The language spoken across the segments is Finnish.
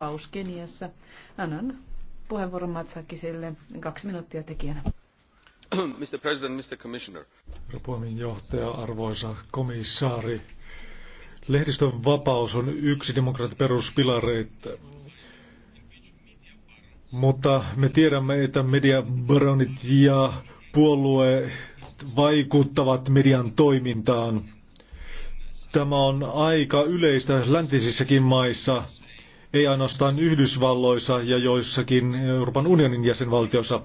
vapaus Keniassa. Annan puheenvuoron Matsakiselle kaksi minuuttia tekijänä. Mr. President, Mr. Commissioner. johtaja, arvoisa komissaari. Lehdistön vapaus on yksi demokratian peruspilareita. Mutta me tiedämme, että mediabaronit ja puolue vaikuttavat median toimintaan. Tämä on aika yleistä läntisissäkin maissa ei ainoastaan Yhdysvalloissa ja joissakin Euroopan unionin jäsenvaltioissa.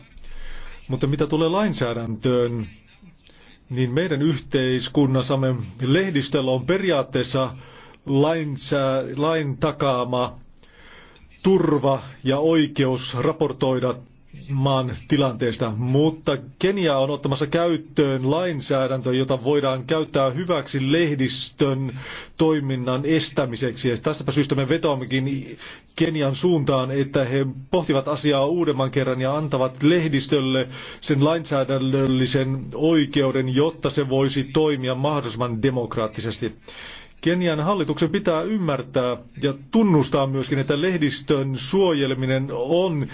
Mutta mitä tulee lainsäädäntöön, niin meidän yhteiskunnassamme lehdistöllä on periaatteessa lain takaama turva ja oikeus raportoida maan tilanteesta, mutta Kenia on ottamassa käyttöön lainsäädäntö, jota voidaan käyttää hyväksi lehdistön toiminnan estämiseksi. Ja tästäpä syystä me vetoammekin Kenian suuntaan, että he pohtivat asiaa uudemman kerran ja antavat lehdistölle sen lainsäädännöllisen oikeuden, jotta se voisi toimia mahdollisimman demokraattisesti. Kenian hallituksen pitää ymmärtää ja tunnustaa myöskin, että lehdistön suojeleminen on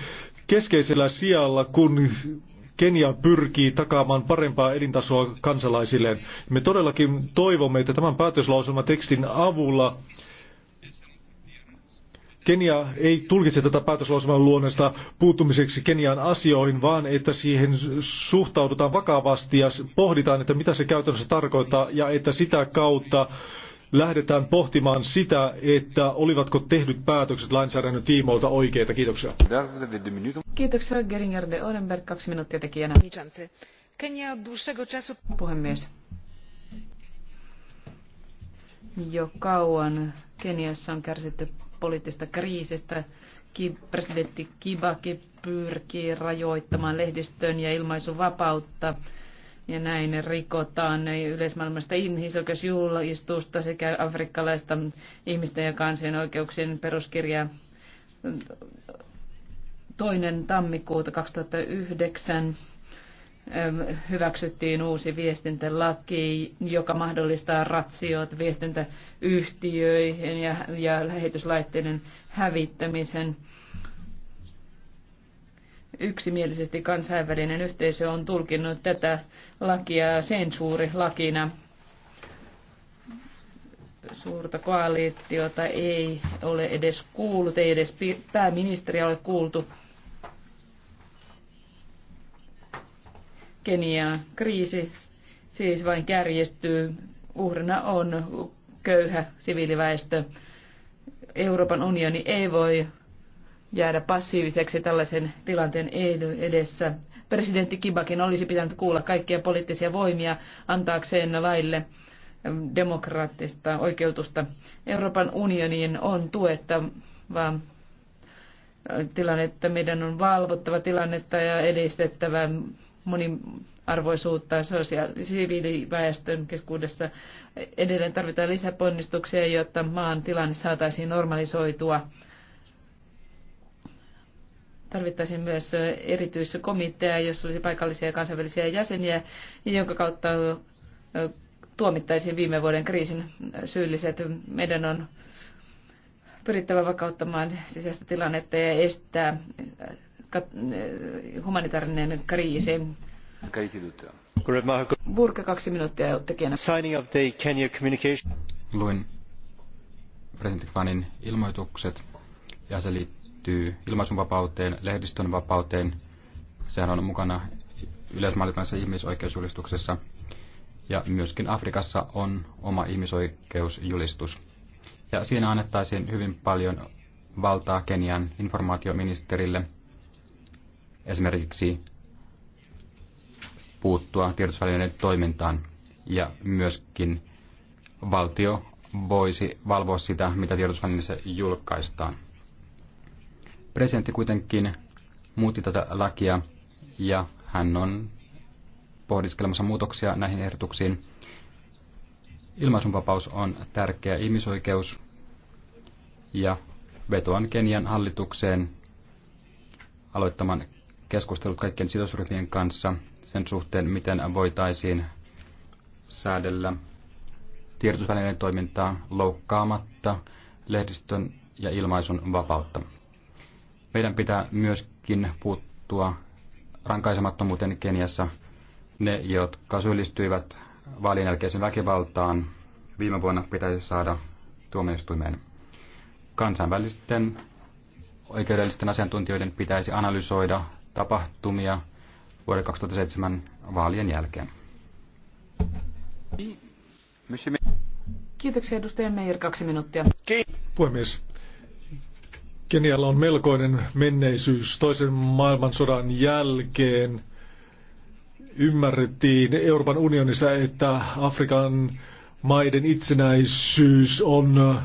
keskeisellä sijalla, kun Kenia pyrkii takaamaan parempaa elintasoa kansalaisilleen. Me todellakin toivomme, että tämän päätöslauselmatekstin avulla Kenia ei tulkitse tätä päätöslauselman luonnosta puuttumiseksi Kenian asioihin, vaan että siihen suhtaudutaan vakavasti ja pohditaan, että mitä se käytännössä tarkoittaa ja että sitä kautta lähdetään pohtimaan sitä, että olivatko tehdyt päätökset lainsäädännön tiimoilta oikeita. Kiitoksia. Kiitoksia Geringer de Orenberg, kaksi minuuttia tekijänä. Puhemies. Jo kauan Keniassa on kärsitty poliittista kriisistä. Presidentti Kibaki pyrkii rajoittamaan lehdistön ja ilmaisun vapautta ja näin ne rikotaan ne yleismaailmasta ihmisoikeusjulistusta sekä afrikkalaista ihmisten ja kansien oikeuksien peruskirjaa. Toinen tammikuuta 2009 ähm, hyväksyttiin uusi viestintälaki, joka mahdollistaa ratsiot viestintäyhtiöihin ja, ja lähetyslaitteiden hävittämisen yksimielisesti kansainvälinen yhteisö on tulkinnut tätä lakia sensuurilakina. Suurta koalitiota ei ole edes kuullut, ei edes pääministeriä ole kuultu. Kenia kriisi siis vain kärjestyy. Uhrina on köyhä siviiliväestö. Euroopan unioni ei voi jäädä passiiviseksi tällaisen tilanteen edessä. Presidentti Kibakin olisi pitänyt kuulla kaikkia poliittisia voimia antaakseen laille demokraattista oikeutusta. Euroopan unionin on tuettava tilannetta, meidän on valvottava tilannetta ja edistettävä moniarvoisuutta sosiaali- keskuudessa. Edelleen tarvitaan lisäponnistuksia, jotta maan tilanne saataisiin normalisoitua. Tarvittaisiin myös erityiskomitea, jossa olisi paikallisia ja kansainvälisiä jäseniä, jonka kautta tuomittaisiin viime vuoden kriisin syylliset. Meidän on pyrittävä vakauttamaan sisäistä tilannetta ja estää humanitaarinen kriisi. Burka kaksi minuuttia jo tekijänä. Signing of the Kenya Communication. Luin presidentti Fanin ilmoitukset ja se liittyy liittyy ilmaisunvapauteen, lehdistön vapauteen. Sehän on mukana yleismaailmallisessa ihmisoikeusjulistuksessa. Ja myöskin Afrikassa on oma ihmisoikeusjulistus. Ja siinä annettaisiin hyvin paljon valtaa Kenian informaatioministerille esimerkiksi puuttua tiedotusvälineiden toimintaan. Ja myöskin valtio voisi valvoa sitä, mitä tiedotusvälineissä julkaistaan. Presidentti kuitenkin muutti tätä lakia ja hän on pohdiskelemassa muutoksia näihin ehdotuksiin. Ilmaisunvapaus on tärkeä ihmisoikeus ja vetoan Kenian hallitukseen aloittamaan keskustelut kaikkien sidosryhmien kanssa sen suhteen, miten voitaisiin säädellä tiedotusvälineiden toimintaa loukkaamatta lehdistön ja ilmaisun vapautta. Meidän pitää myöskin puuttua rankaisemattomuuteen Keniassa. Ne, jotka syyllistyivät vaalien jälkeisen väkivaltaan viime vuonna, pitäisi saada tuomioistuimeen. Kansainvälisten oikeudellisten asiantuntijoiden pitäisi analysoida tapahtumia vuoden 2007 vaalien jälkeen. Kiitoksia edustaja Meijer, kaksi minuuttia. Puhemies, Kenialla on melkoinen menneisyys toisen maailmansodan jälkeen. Ymmärrettiin Euroopan unionissa, että Afrikan maiden itsenäisyys on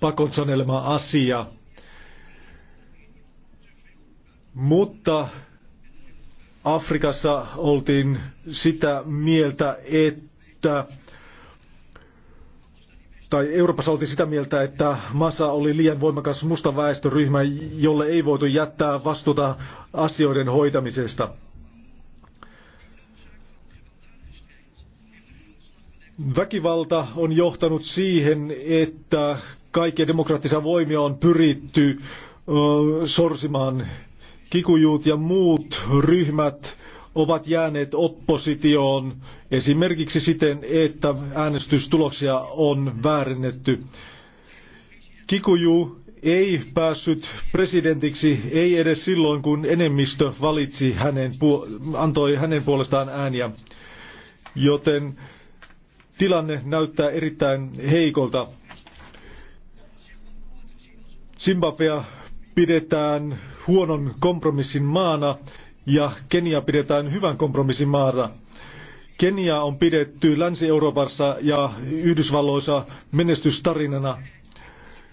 pakon sanelema asia. Mutta Afrikassa oltiin sitä mieltä, että tai Euroopassa oltiin sitä mieltä, että massa oli liian voimakas musta väestöryhmä, jolle ei voitu jättää vastuuta asioiden hoitamisesta. Väkivalta on johtanut siihen, että kaikkia demokraattisia voimia on pyritty ö, sorsimaan. Kikujuut ja muut ryhmät ovat jääneet oppositioon esimerkiksi siten, että äänestystuloksia on väärennetty. Kikuju ei päässyt presidentiksi, ei edes silloin, kun enemmistö valitsi hänen, antoi hänen puolestaan ääniä. Joten tilanne näyttää erittäin heikolta. Zimbabwea pidetään huonon kompromissin maana ja Kenia pidetään hyvän kompromissin maana. Kenia on pidetty Länsi-Euroopassa ja Yhdysvalloissa menestystarinana.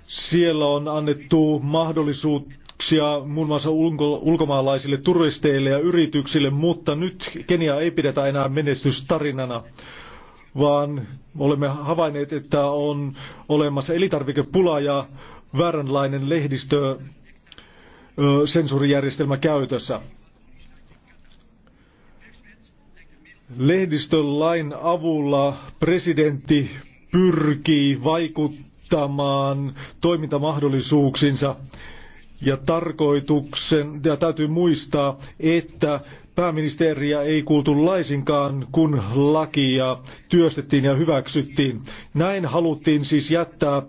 Siellä on annettu mahdollisuuksia muun muassa ulko- ulkomaalaisille turisteille ja yrityksille, mutta nyt Kenia ei pidetä enää menestystarinana, vaan olemme havainneet, että on olemassa elintarvikepula ja vääränlainen lehdistö sensuurijärjestelmä käytössä. Lehdistön lain avulla presidentti pyrkii vaikuttamaan toimintamahdollisuuksinsa ja tarkoituksen, ja täytyy muistaa, että pääministeriä ei kuultu laisinkaan, kun lakia työstettiin ja hyväksyttiin. Näin haluttiin siis jättää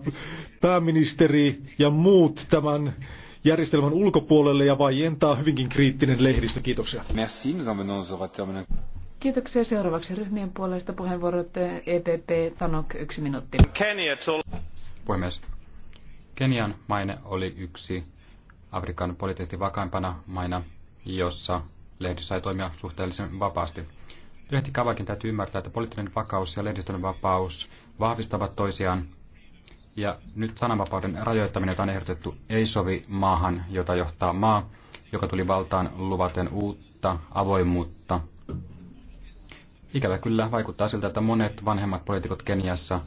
pääministeri ja muut tämän järjestelmän ulkopuolelle ja vaientaa hyvinkin kriittinen lehdistö. Kiitoksia. Merci, nous Kiitoksia. Seuraavaksi ryhmien puolesta puheenvuorot EPP eh, e Tanok, yksi minuutti. Kenia Puhemies. Kenian maine oli yksi Afrikan poliittisesti vakaimpana maina, jossa lehdy sai toimia suhteellisen vapaasti. Kavakin täytyy ymmärtää, että poliittinen vakaus ja lehdistön vapaus vahvistavat toisiaan. Ja nyt sananvapauden rajoittaminen, jota on ehdotettu, ei sovi maahan, jota johtaa maa, joka tuli valtaan luvaten uutta avoimuutta Ikävä kyllä vaikuttaa siltä, että monet vanhemmat poliitikot Keniassa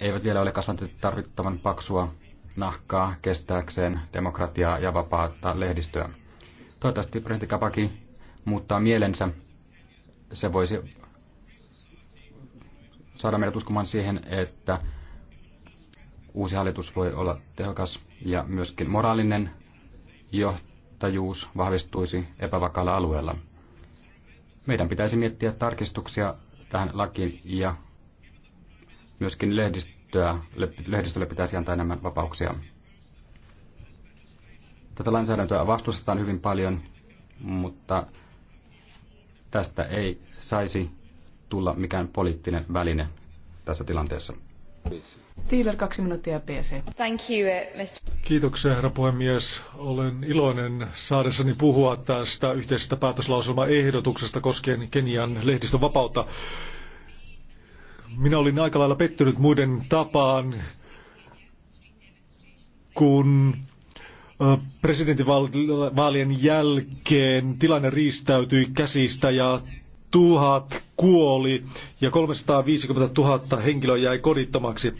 eivät vielä ole kasvaneet tarvittavan paksua nahkaa kestääkseen demokratiaa ja vapaata lehdistöä. Toivottavasti presidentti Kapaki muuttaa mielensä. Se voisi saada meidät uskomaan siihen, että uusi hallitus voi olla tehokas ja myöskin moraalinen johtajuus vahvistuisi epävakaalla alueella. Meidän pitäisi miettiä tarkistuksia tähän lakiin ja myöskin lehdistöä, lehdistölle pitäisi antaa enemmän vapauksia. Tätä lainsäädäntöä vastustetaan hyvin paljon, mutta tästä ei saisi tulla mikään poliittinen väline tässä tilanteessa. Tiiler, kaksi minuuttia PC. Thank you, eh, Mr. Kiitoksia, herra puhemies. Olen iloinen saadessani puhua tästä yhteisestä päätöslauselmaehdotuksesta koskien Kenian lehdistön vapautta. Minä olin aika lailla pettynyt muiden tapaan, kun presidentinvaalien jälkeen tilanne riistäytyi käsistä ja tuhat kuoli ja 350 000 henkilöä jäi kodittomaksi.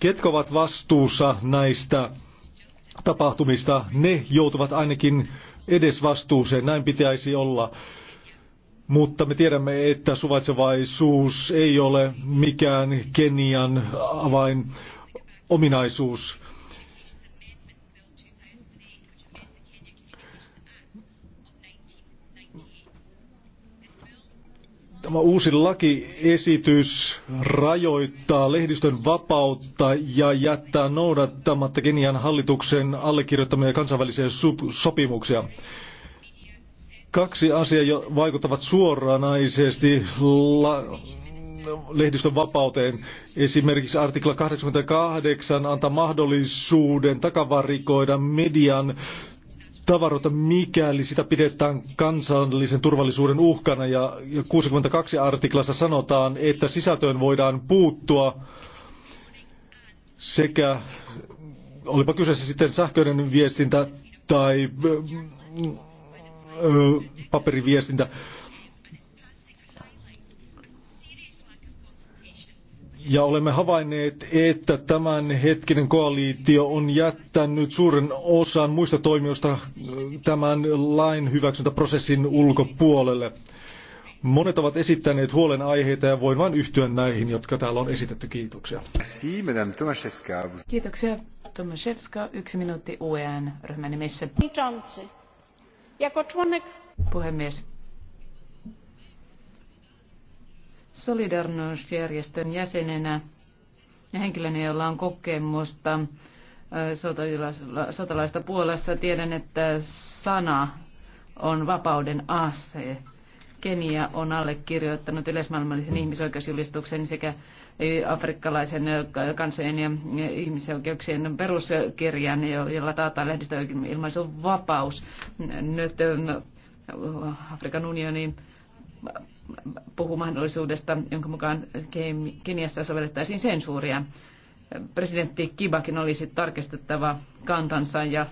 Ketkä ovat vastuussa näistä tapahtumista? Ne joutuvat ainakin edes vastuuseen, näin pitäisi olla. Mutta me tiedämme, että suvaitsevaisuus ei ole mikään Kenian avain ominaisuus. Tämä uusi lakiesitys rajoittaa lehdistön vapautta ja jättää noudattamatta Kenian hallituksen allekirjoittamia kansainvälisiä sopimuksia. Kaksi asiaa jo vaikuttavat suoranaisesti la- lehdistön vapauteen. Esimerkiksi artikla 88 antaa mahdollisuuden takavarikoida median tavaroita, mikäli sitä pidetään kansallisen turvallisuuden uhkana. Ja 62 artiklassa sanotaan, että sisältöön voidaan puuttua sekä, olipa kyseessä sitten sähköinen viestintä tai paperiviestintä, Ja olemme havainneet, että tämänhetkinen koalitio on jättänyt suuren osan muista toimijoista äh, tämän lain hyväksyntäprosessin ulkopuolelle. Monet ovat esittäneet huolenaiheita ja voin vain yhtyä näihin, jotka täällä on esitetty. Kiitoksia. Kiitoksia. Tomaszewska, yksi minuutti UEN ryhmän nimissä. Puhemies, Solidarnosjärjestön jäsenenä ja henkilönä, jolla on kokemusta sotalaista puolessa. tiedän, että sana on vapauden ase. Kenia on allekirjoittanut yleismaailmallisen ihmisoikeusjulistuksen sekä afrikkalaisen kansojen ja ihmisoikeuksien peruskirjan, jolla taataan lehdistöilmaisun vapaus. Nyt Afrikan unionin puhuu mahdollisuudesta, jonka mukaan Keniassa sovellettaisiin sensuuria. Presidentti Kibakin olisi tarkistettava kantansa ja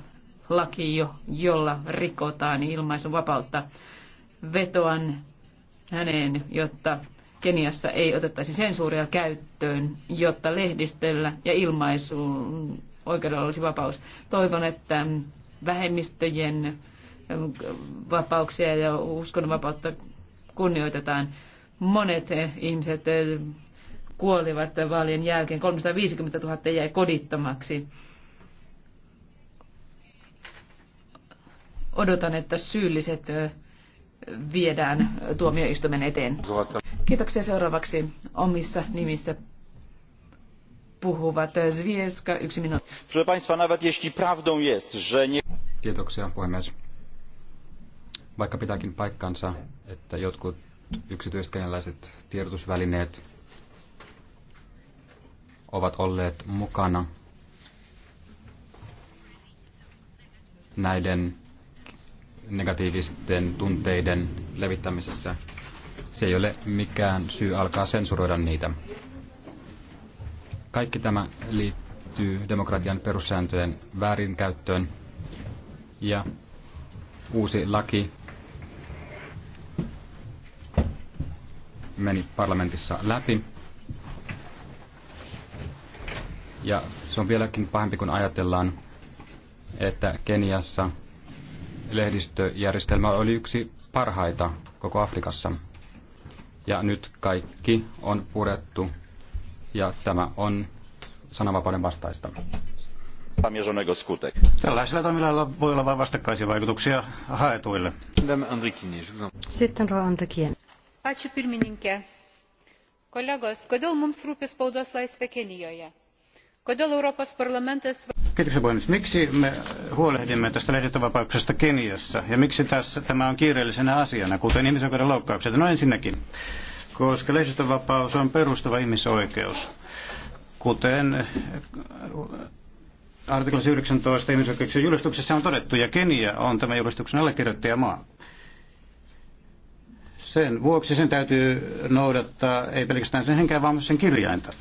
laki, jo, jolla rikotaan ilmaisun vapautta. Vetoan häneen, jotta Keniassa ei otettaisi sensuuria käyttöön, jotta lehdistöllä ja ilmaisuun oikeudella olisi vapaus. Toivon, että vähemmistöjen vapauksia ja uskonnonvapautta kunnioitetaan. Monet ihmiset eh, kuolivat vaalien jälkeen, 350 000 jäi kodittomaksi. Odotan, että syylliset eh, viedään tuomioistuimen eteen. Kiitoksia seuraavaksi omissa nimissä puhuvat eh, Zvieska, yksi minuutti. Proszę Państwa, nawet jeśli prawdą jest, że nie... Kiitoksia puhemies. Vaikka pitääkin paikkansa, että jotkut yksityiskenäläiset tiedotusvälineet ovat olleet mukana näiden negatiivisten tunteiden levittämisessä, se ei ole mikään syy alkaa sensuroida niitä. Kaikki tämä liittyy demokratian perussääntöjen väärinkäyttöön ja uusi laki meni parlamentissa läpi. Ja se on vieläkin pahempi, kun ajatellaan, että Keniassa lehdistöjärjestelmä oli yksi parhaita koko Afrikassa. Ja nyt kaikki on purettu ja tämä on sananvapauden vastaista. Tällaisilla toimilla voi olla vain vastakkaisia vaikutuksia haetuille. Sitten Roa Andrikien kodėl mums rūpi spaudos laisvė kenijoje? kodėl europos parlamentas. Miksi me huolehdimme tästä lehdistövapauksesta Keniassa ja miksi tämä on kiireellisenä asiana, kuten ihmisoikeuden loukkaukset? No ensinnäkin, koska lehdistövapaus on perustava ihmisoikeus, kuten artiklassa 19 ihmisoikeuksien julistuksessa on todettu, ja Kenia on tämän julistuksen allekirjoittajamaa. maa. Sen vuoksi sen täytyy noudattaa ei pelkästään sen henkeä, vaan myös sen kirjainta.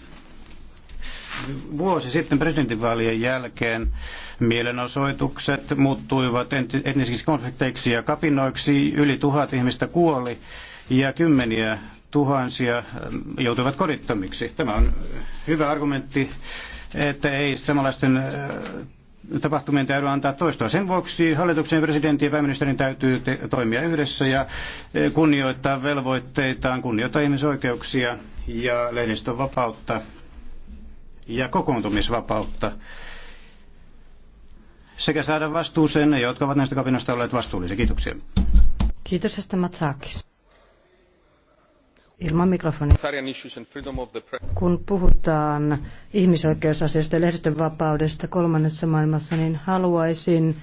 Vuosi sitten presidentinvaalien jälkeen mielenosoitukset muuttuivat etnisiksi konflikteiksi ja kapinoiksi. Yli tuhat ihmistä kuoli ja kymmeniä tuhansia mm, joutuivat kodittomiksi. Tämä on hyvä argumentti, että ei samanlaisten äh, tapahtumien täytyy antaa toistoa. Sen vuoksi hallituksen presidentin ja pääministerin täytyy te- toimia yhdessä ja e, kunnioittaa velvoitteitaan, kunnioittaa ihmisoikeuksia ja lehdistön vapautta ja kokoontumisvapautta sekä saada vastuuseen ne, jotka ovat näistä kapinoista olleet vastuullisia. Kiitoksia. Kiitos, Esta Ilman mikrofonia. Kun puhutaan ihmisoikeusasioista ja lehdistönvapaudesta kolmannessa maailmassa, niin haluaisin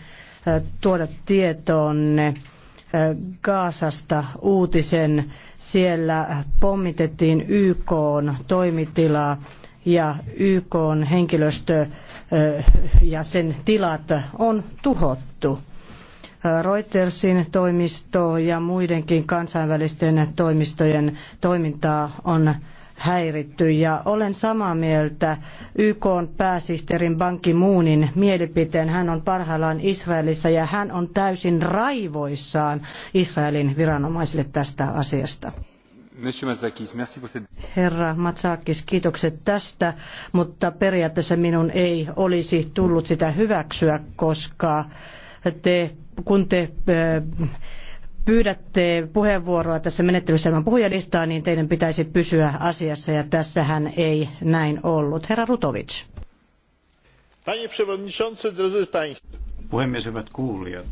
tuoda tietoonne Gaasasta uutisen. Siellä pommitettiin YK toimitilaa ja YK henkilöstö ja sen tilat on tuhottu. Reutersin toimisto ja muidenkin kansainvälisten toimistojen toimintaa on häiritty ja olen samaa mieltä YK pääsihteerin Ban Ki-moonin mielipiteen. Hän on parhaillaan Israelissa ja hän on täysin raivoissaan Israelin viranomaisille tästä asiasta. Herra Matsakis, kiitokset tästä, mutta periaatteessa minun ei olisi tullut sitä hyväksyä, koska te, kun te pyydätte puheenvuoroa tässä menettelyssä ilman puhujalistaa, niin teidän pitäisi pysyä asiassa ja tässähän ei näin ollut. Herra Rutovic. Panie Puhemies, hyvät kuulijat.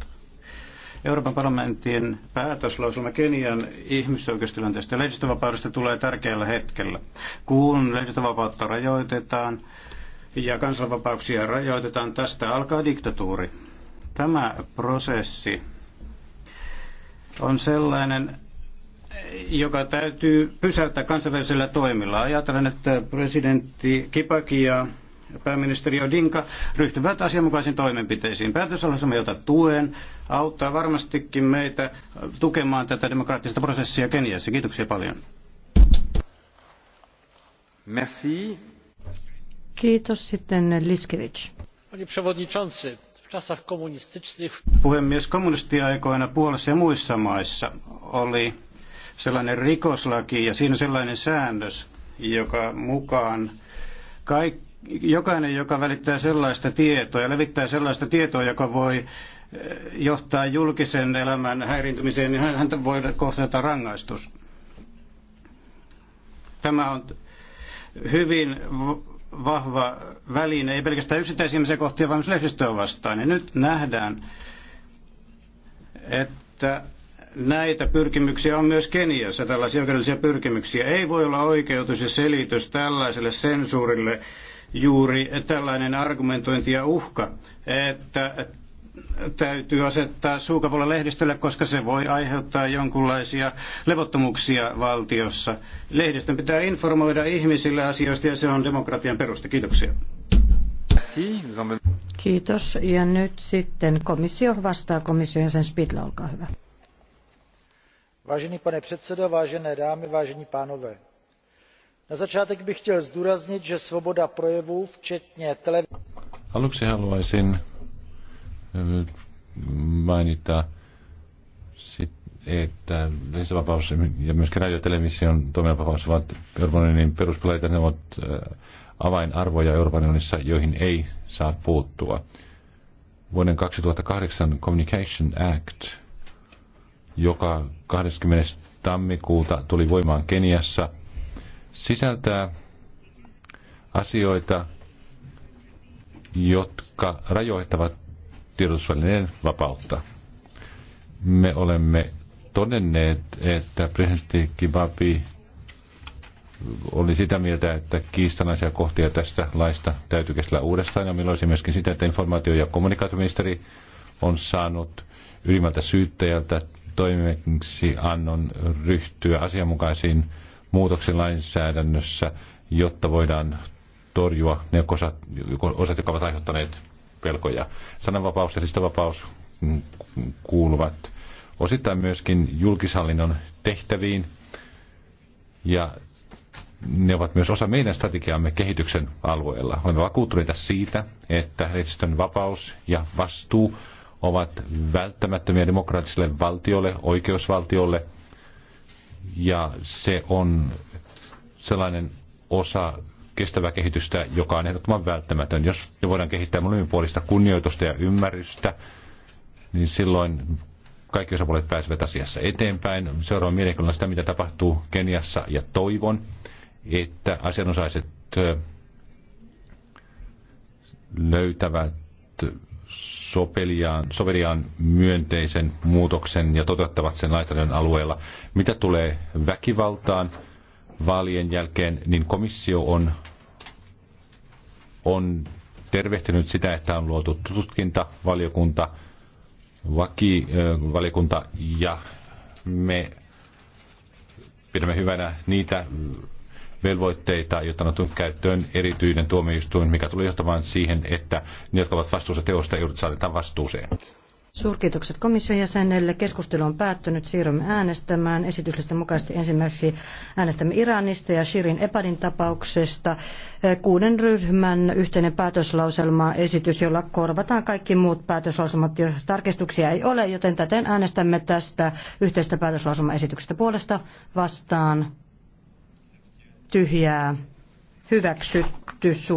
Euroopan parlamentin päätöslauselma Kenian ihmisoikeustilanteesta ja lehdistövapaudesta tulee tärkeällä hetkellä. Kun lehdistövapautta rajoitetaan ja kansanvapauksia rajoitetaan, tästä alkaa diktatuuri. Tämä prosessi on sellainen, joka täytyy pysäyttää kansainvälisillä toimilla. Ajatellen, että presidentti Kipaki ja pääministeri Odinka ryhtyvät asianmukaisiin toimenpiteisiin. Päätösolossamme, jota tuen, auttaa varmastikin meitä tukemaan tätä demokraattista prosessia Keniassa. Kiitoksia paljon. Merci. Kiitos sitten Liskevich. Panie przewodniczący, Puhemies, kommunistiaikoina Puolassa ja muissa maissa oli sellainen rikoslaki ja siinä sellainen säännös, joka mukaan kaik, jokainen, joka välittää sellaista tietoa ja levittää sellaista tietoa, joka voi eh, johtaa julkisen elämän häiriintymiseen, niin häntä voi kohdata rangaistus. Tämä on hyvin vahva väline, ei pelkästään ihmisiä kohtia, vaan myös lehdistöä vastaan. Ja nyt nähdään, että näitä pyrkimyksiä on myös Keniassa, tällaisia oikeudellisia pyrkimyksiä. Ei voi olla oikeutus ja selitys tällaiselle sensuurille juuri tällainen argumentointi ja uhka, että täytyy asettaa suukapuolen lehdistölle, koska se voi aiheuttaa jonkunlaisia levottomuuksia valtiossa. Lehdistön pitää informoida ihmisille asioista ja se on demokratian peruste Kiitoksia. Kiitos. Ja nyt sitten komissio vastaa komission sen Spidla, olkaa hyvä. Vážený pane předsedo, vážené dámy, vážení pánové. Na začátek bych chtěl zdůraznit, že svoboda projevu, včetně televize... Aluksi haluaisin mainita, että lisävapaus ja myöskin radiotelevision toiminnanvapaus ovat Euroopan unionin peruspilareita, ne ovat äh, avainarvoja Euroopan unionissa, joihin ei saa puuttua. Vuoden 2008 Communication Act, joka 20. tammikuuta tuli voimaan Keniassa, sisältää asioita, jotka rajoittavat tiedotusvälineen vapautta. Me olemme todenneet, että presidentti Kibabi oli sitä mieltä, että kiistanaisia kohtia tästä laista täytyy käsitellä uudestaan, ja olisi myöskin sitä, että informaatio- ja kommunikaatioministeri on saanut ylimmältä syyttäjältä toimeksi annon ryhtyä asianmukaisiin muutoksiin lainsäädännössä, jotta voidaan torjua ne osat, osat jotka ovat aiheuttaneet pelkoja. Sananvapaus ja listavapaus mm, kuuluvat osittain myöskin julkishallinnon tehtäviin ja ne ovat myös osa meidän strategiamme kehityksen alueella. Olemme vakuuttuneita siitä, että lehdistön vapaus ja vastuu ovat välttämättömiä demokraattiselle valtiolle, oikeusvaltiolle, ja se on sellainen osa kestävää kehitystä, joka on ehdottoman välttämätön. Jos voidaan kehittää molemminpuolista kunnioitusta ja ymmärrystä, niin silloin kaikki osapuolet pääsevät asiassa eteenpäin. Seuraavan mielenkiinnolla sitä, mitä tapahtuu Keniassa, ja toivon, että asianosaiset löytävät sopeliaan, soveliaan myönteisen muutoksen ja toteuttavat sen lainsäädännön alueella. Mitä tulee väkivaltaan vaalien jälkeen, niin komissio on on tervehtinyt sitä, että on luotu tutkintavaliokunta, valiokunta ja me pidämme hyvänä niitä velvoitteita, jotta on otettu käyttöön erityinen tuomioistuin, mikä tulee johtamaan siihen, että ne, jotka ovat vastuussa teosta, joudut saadaan vastuuseen. Suurkiitokset komission jäsenelle. Keskustelu on päättynyt. Siirrymme äänestämään. Esityslistan mukaisesti ensimmäiseksi äänestämme Iranista ja Shirin Epadin tapauksesta. Kuuden ryhmän yhteinen päätöslauselma esitys, jolla korvataan kaikki muut päätöslauselmat. Tarkistuksia ei ole, joten täten äänestämme tästä yhteistä päätöslauselmaesityksestä puolesta vastaan. Tyhjää. Hyväksytty.